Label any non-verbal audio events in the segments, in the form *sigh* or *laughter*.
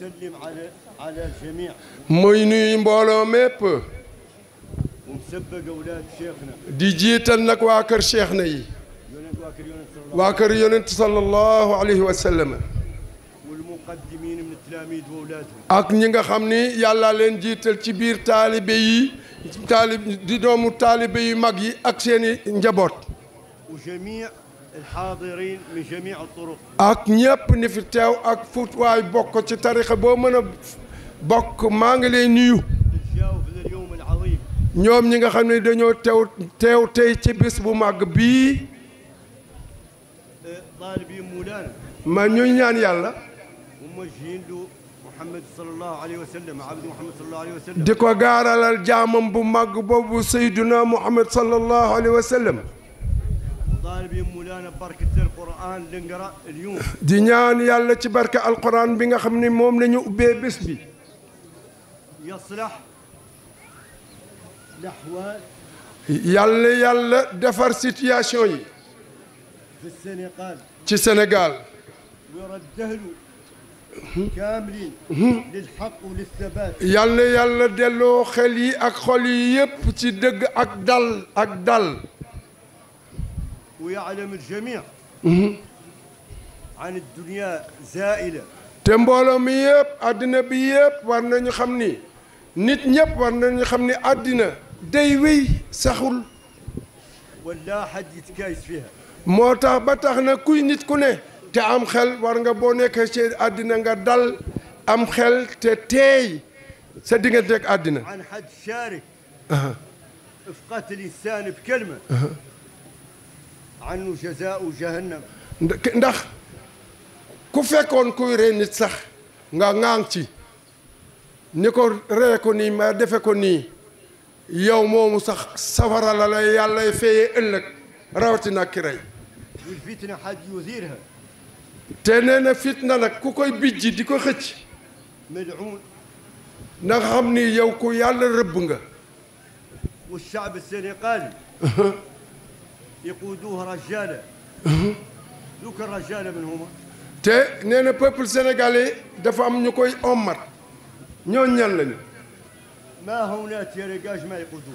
وسلم على على الجميع muy nuyu mbooloo mépp ومسبق أولاد شيخنا di jiital nag waa kër Cheikhna yi waa kër yonent sallallahu alayhi wa sallam والمقدمين من التلاميذ وأولادهم ak ñi nga xam ni yàlla leen jiital ci biir taalibe yi taalib di doomu taalibe yu mag yi ak seeni njaboot وجميع ak ñëpp ni fi teew ak fut waay bokk ci tarixa boo mën a bokk maa ngi lay nuyu ñoom ñi nga xam ne dañoo teew teew tey ci bis bu màgg bii eh, ma ñu ñaan yàlla di ko gaaralal jaamam bu màgg boobu sayduna muhammad sallallahu alayhi wa sallam di ñaan yàlla ci barke alquran bi nga xam ne moom la ñu ubbee bés bi yàlla yàlla defar situation yi ci Sénégal hmm. yàlla yàlla delloo xel yi ak xol yi yépp ci dëgg ak dal ak dal ويعلم الجميع عن الدنيا زائلة te mbooloo mi àddina bi yëpp war nañu xam ni nit ñëpp war nañu xam ni àddina day wéy saxul wala xad yitkaayis fiha moo tax ba tax na kuy nit ku ne te am xel war nga boo nekkee ci àddina nga dal am xel te teey sa digganteeg àddina an xad sharik ifqat anu jazaau jahannam ndax ku fekkoon kuy rey nit sax nga ŋaang ci ni ko reye ko nii ma defe ko nii yow moomu sax safara la lay yàlla fayee ëllëg rawatina ki rey fitna te nee na fitna nag ku koy bijji di ko xëcc na nga xam ni yow ko yàlla rëbb nga wa shaab sénégal *laughs* يقودوه رجاله لو nee na peuple dafa am ñu koy ommat ñoo ñan lañu maa hawnaat ya régage ma yaqudu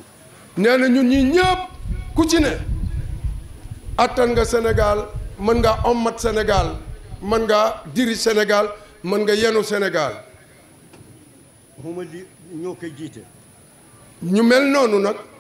nee na ñun ñi ñëpp ku ci ne attan nga Sénégal mën nga omat senegal mën nga diri senegal mën nga yenu senegal huma li ñoo koy jiite ñu mel noonu nag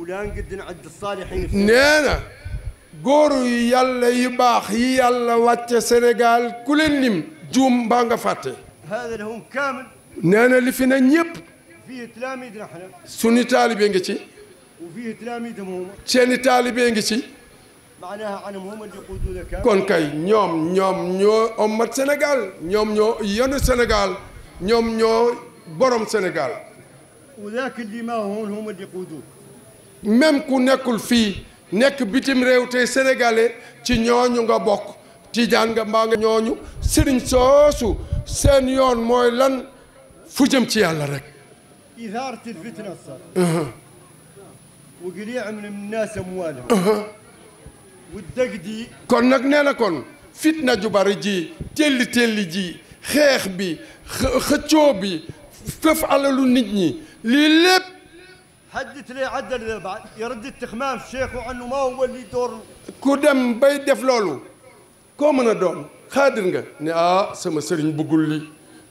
ulaan qad nacd saalixiin nee na góoru yàlla yu baax yi yàlla wàcce Sénégal ku leen lim juum baa nga fàtte hada lahum kaamil nee na li fi ne ñëpp fii talaamid naxna suñu taalibe ngi ci fii talaamid hum seeni taalibe ngi ci kon kay ñoom ñoom ñoo ommat Sénégal ñoom ñoo yenu Sénégal ñoom ñoo borom Sénégal même ku nekkul fii nekk bitim réew tey sénégalais ci ñooñu nga bokk tijaan nga mbaa nga ñooñu sëriñ soosu seen yoon mooy lan fu jëm ci yàlla rek إثارة الفتنة صار وقليع من الناس أموالهم والدق دي kon nag nee na kon fitna ju bari ji telli telli ji xeex bi xëccoo bi fëf alalu nit ñi lii lépp a xaddit lee addal lee baat yarad istixmaam cheikhu annu maa wali door ku dem bay def loolu koo mën a doon xaadir nga ne ah sama sëriñ bëggul li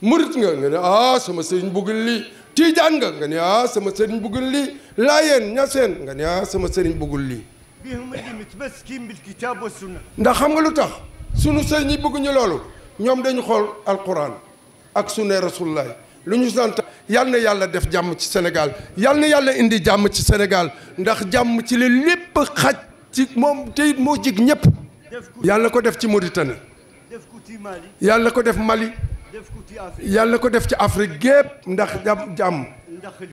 murit nga nga ne ah sama sëriñ bëggul li tiijaan nga nga ne ah sama sëriñ bëggul li laayeen ñaseen nga ne ah sama sëriñ bëggul li ndax xam nga lu tax sunu sëriñ yi bëgguñu loolu ñoom dañu xool alquran ak sunne rasulullah lu ñu sant yàlla na yàlla def jàmm ci Sénégal yal na yàlla indi jàmm ci Sénégal ndax jàmm ci la lépp xaj ci moom te it moo jig ñëpp yàlla ko def ci Mauritanie yàlla ko def Mali yàlla ko def ci Afrique gépp ndax jàmm